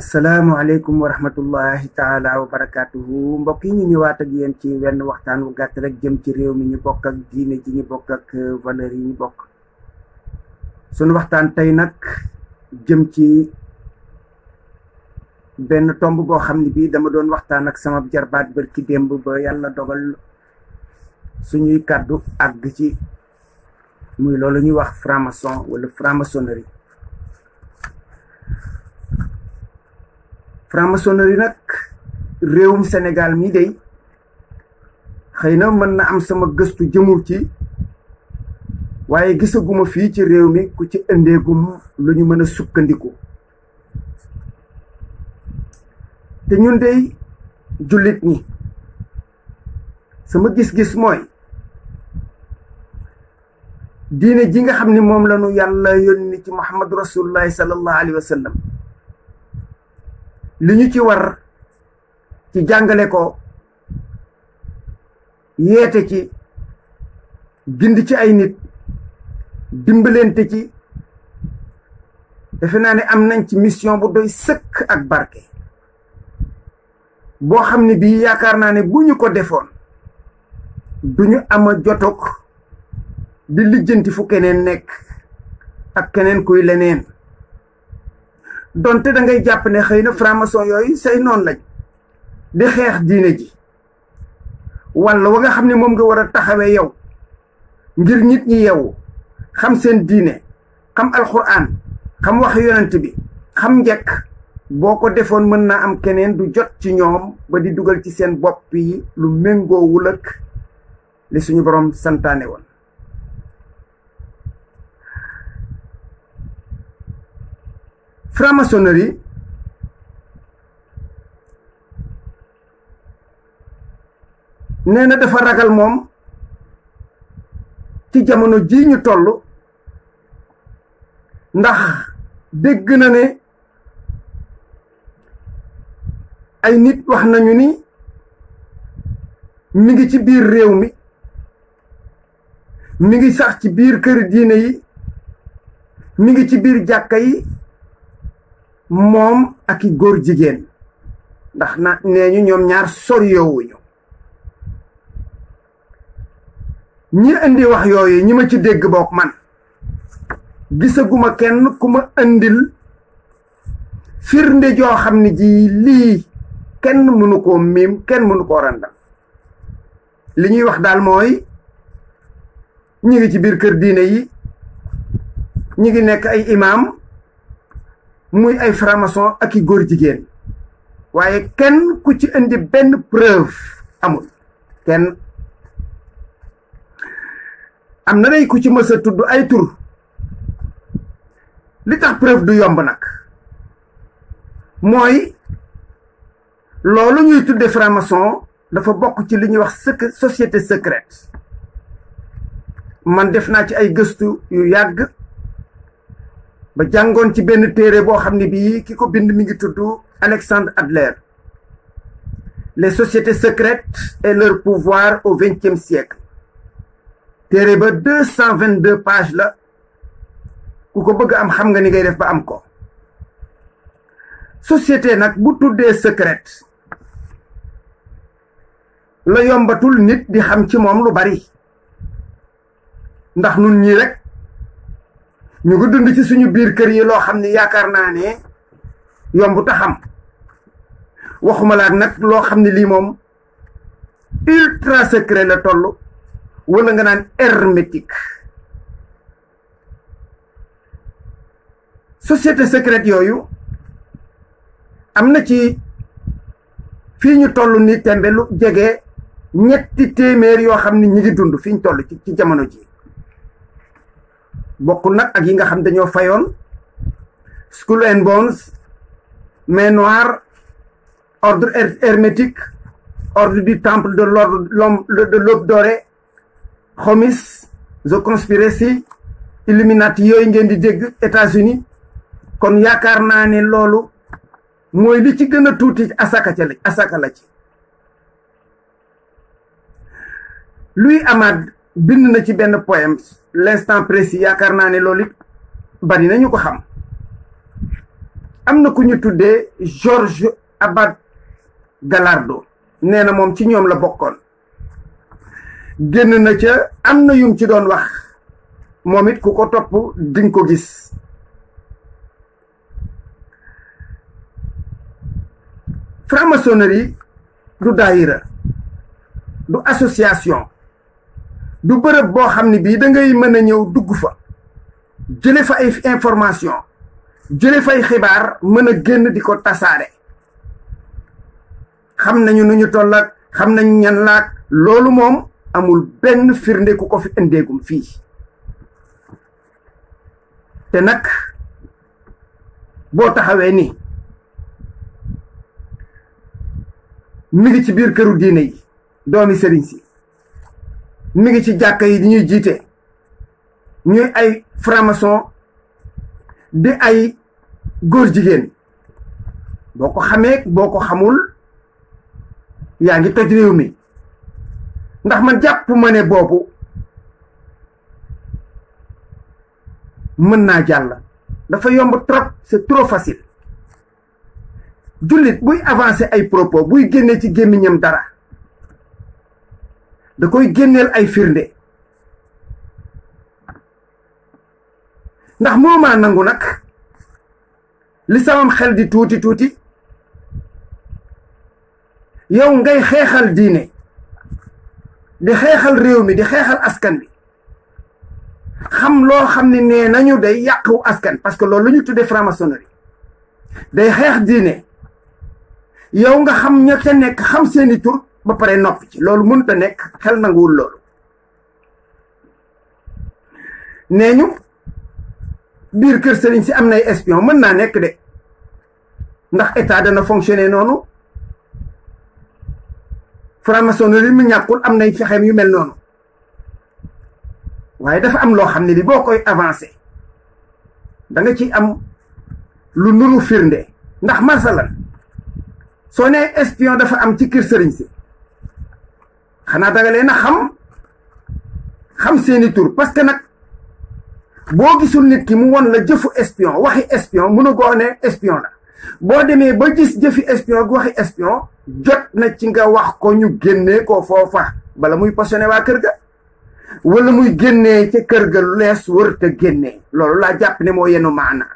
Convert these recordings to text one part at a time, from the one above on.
asalaamaaleykum wa rahmatullahi taala wa barakaatuhu mbokk yi ñu ñëwaat ak yéen ci wenn waxtaan wu gàtt rek jëm ci réew mi ñu bokk ak diine ji ñu bokk ak euh, valeurs yi ñu bokk sunu waxtaan tey nag jëm ci benn tomb boo xam ne bii dama doon waxtaan ak sama jarbaat bërki démb ba yàlla dogal suñuy kàddu àgg ci muy loolu ñuy wax franc wala franc franc-maçonnerie réewum senegal mii day xëy na mën na am sama gëstu jëmu ci waaye gisaguma fii ci réew mi ku ci ëndeegum lu ñu mën a sukkandiku te ñun dey jullit ñi sama gis-gis mooy diine ji nga xam ni moom lañu yàlla yónni ci muhammadu rasulullahi sallallahu alayhi wa li ñu ci war ci jàngale ko yeete ci gindi ci ay nit dimbalante ci defe naa ne am nañ ci mission bu doy sëkk ak barke boo xam ne bii yaakaar naa ne bu ñu ko defoon du ñu a jotoog di lijjanti fu keneen nekk ak keneen kuy leneen donte da ngay jàpp ne xëy na franc yooyu say noonu lañ di xeex diine ji walla wa nga xam ne moom nga war a taxawee yow ngir nit ñi yeewu xam seen diine xam alxuraan xam wax yonent bi xam njëkk boo ko defoon mën naa am keneen du jot ci ñoom ba di dugal ci seen bopp yi lu méngoowul ak li suñu boroom santaane woon franc nee na dafa ragal moom ci jamono ji ñu toll ndax dégg na ne ay nit wax nañu ni mi ngi ci biir réew mi mi ngi sax ci biir kër diine yi mi ngi ci biir jàkka yi moom aki góor jigéen ndax na nee ñu ñoom ñaar soriyowuñu ñi indi wax yooyu ñi ma ci dégg bokk man gisaguma kenn ku ma indil firnde joo xam ne ji lii kenn mënu koo miim kenn mënu koo randal li ñuy wax daal mooy ñi ngi ci biir kër diine yi ñi ngi nekk ay imaam muy ay framason aki góor jigéen waaye kenn ku ci indi benn preuve amul kenn am na day ku ci mës tudd ay tur li tax preuve du yomb nag mooy loolu ñuy tudde framason maçon dafa bokk ci li ñuy wax société secrète man def naa ci ay gëstu yu yàgg ba jàngoon ci benn téere boo xam ne bii ki ko bind mi ngi tudd Alexandre Adler les sociétés secrètes et leur pouvoir au vingtième siècle téere ba deux cent vingt deux pages la ku ko bëgg am xam nga ni ngay def ba am ko société nag bu tuddee secrète la yombatul nit di xam ci moom lu bari ndax nun ñii rek ñu ngi dund ci suñu biir kër yi loo xam ne yaakaar naa ne yomb taxam waxumalaat laa loo xam ne lii moom ultra secret la toll wala nga naan hermétique société secrète yooyu am na ci fii ñu toll ni tembe jege ñetti téeméer yoo xam ne ñi ngi dund fi ñu toll ci ci jamono ji bokkul nag ak yi nga xam dañoo fayoon Skull and Bones Main Noire ordre hermétique ordre du temple de l'ordre de l'aube dorée Homies The Conspiracy Illuminati yooyu ngeen di dégg États-Unis kon yaakaar naa ne loolu mooy li ci gën a tuuti asaka ca la asaka la ci Louis Amad bind na ci benn poème l'instant précis yaakaar naa ne loolu it bari nañu ko xam am na ku ñu tuddee Georges Abad Gallardo nee na moom ci ñoom la bokkoon génn na ca am na yum ci doon wax moom it ku ko topp dinga ko gis franc-maçonnerie du daayira du association du bërëb boo xam ne bii da ngay mën a ñëw dugg fa jëne fa ay information jële fay xibaar mën a génn di ko tasaare xam nañu nu ñu tollaak xam nañu ñan laat loolu moom amul benn firnde ku ko fi indeegum fii te nag boo taxawee ni mi ngi ci biir këru diine yi doomi sëriñ si mi ngi ci jàkka yi di ñuy jiite ñuy ay franc-maçon di ay góor jigéen boo ko xamee boo ko xamul yaa ngi toj réew mi ndax man jàpp ma ne boobu mën naa jàll dafa yomb trop c'est trop facile jullit buy avancer ay propos buy génnee ci gémmiñam dara da koy génneel ay firnde ndax moomaa nangu nag li samam xel di tuuti tuuti yow ngay xeexal diine di xeexal réew mi di xeexal askan wi xam loo xam ne nee nañu day yàqu askan parce que loolu la ñu tuddee franc-maçonnerie day xeex diine yow nga xam ña ca nekk xam seeni tur ba pare noppi ci loolu mënut a nekk xel nanguwul loolu nee ñu biir kër sëriñ si am nay espion mën naa nekk de ndax état dana fonctionner noonu franc-maçonnerie mu ñàkkul am nay fexeem yu mel noonu waaye dafa am loo xam ne di boo koy avancé da nga ciy am lu nuru firnde ndax masalan soo nee espion dafa am ci kër sëriñ si xanaa danga leen a xam xam seeni tur parce que nag boo gisul nit ki mu won la jëfu espion waxi espion mun a goo ne espion la boo demee ba gis jëfi espion gi waxi espion jot na ci nga wax ko ñu génnee ko foofa bala muy passionné waa kër ga wala muy génnee ca kër ga lees wër te génnee loolu laa jàpp ne moo yenu maana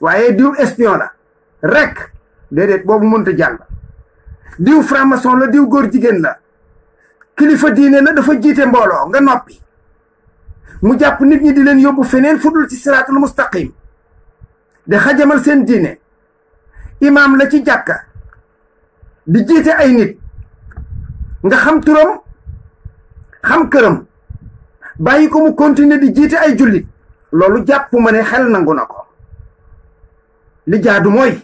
waaye diw espion la rek déedéet boobu mënta jàll diw franc-maçon la diw góor jigéen la kilifa diine na dafa jiite mbooloo nga noppi mu jàpp nit ñi di leen yóbbu feneen fudul ci siraatul mustaqim di xajamal seen diine imaam la ci jàkka di jiite ay nit nga xam turam xam këram bàyyi ko mu continuer di jiite ay jullit loolu jàpp ma ne xel nangu na ko li jaadu mooy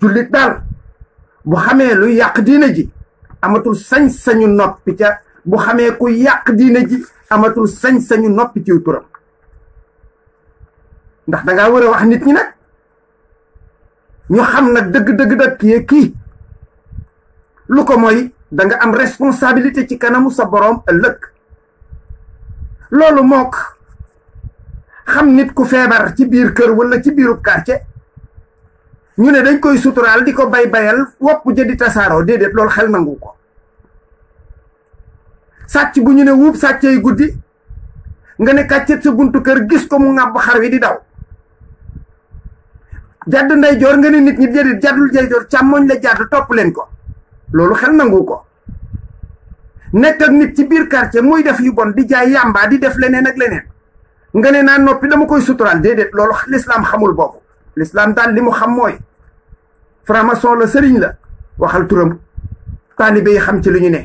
jullit daal bu xamee luy yàq diine ji amatul sañ-sañu noppi ca bu xamee ku yàq diine ji amatul sañ-sañu noppi ci turam ndax danga war a wax nit ñi nag ñu xam nag dëgg-dëgg da kii lu ko moy danga am responsabilité ci kanamu sa boroom ëllëg loolu mook xam nit ku feebar ci biir kër wala ci biiru quartier ñu ne dañ koy suturaal di ko bay bayal wopp jëdi tasaaroo déedéet loolu xel nangu ko sàcc bu ñu ne wuub sàccey guddi nga ne kàccet sa buntu kër gis ko mu ŋàbb xar wi di daw jàdd ndeyjoor nga ne nit ñi déedéet jàddul ndeyjoor càmmoñ la jàdd topp leen ko loolu xel nangu ko nekk ak nit ci biir quartier muy def yu bon di jaay yàmbaa di def leneen ak leneen nga ne naa noppi dama koy suturaal déedéet loolu lislaam xamul boobu l'islam daal li mu xam mooy franc-maçon la sëriñ la waxal turam taalibe yi xam ci lu ñu ne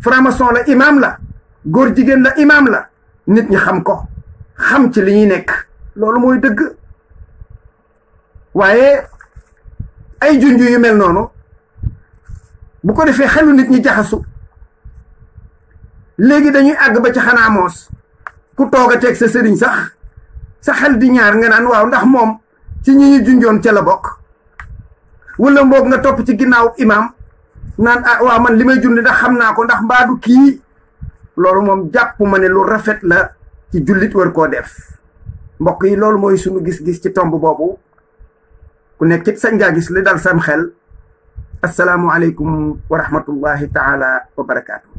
franc-maçon la imaam la góor jigéen la imaam la nit ñi xam ko xam ci li ñuy nekk loolu mooy dëgg waaye ay junju yu mel noonu bu ko defee xelu nit ñi jaxasu léegi dañuy àgg ba ci xanaa moos ku toog a teg sa sëriñ sax sa xel di ñaar nga naan waaw ndax moom ci ñi ñu junjoon ca la bokk wala mboog nga topp ci ginnaaw imaam naan ah waaw man li may julli ndax xam naa ko ndax mbaadu kii loolu moom jàpp ma ne lu rafet la ci jullit war koo def mbokk yi loolu mooy sunu gis-gis ci tomb boobu ku nekk it sañ gaa gis li dal sam xel asalaamualeykum wa rahmatullahi taala wa barakaatu.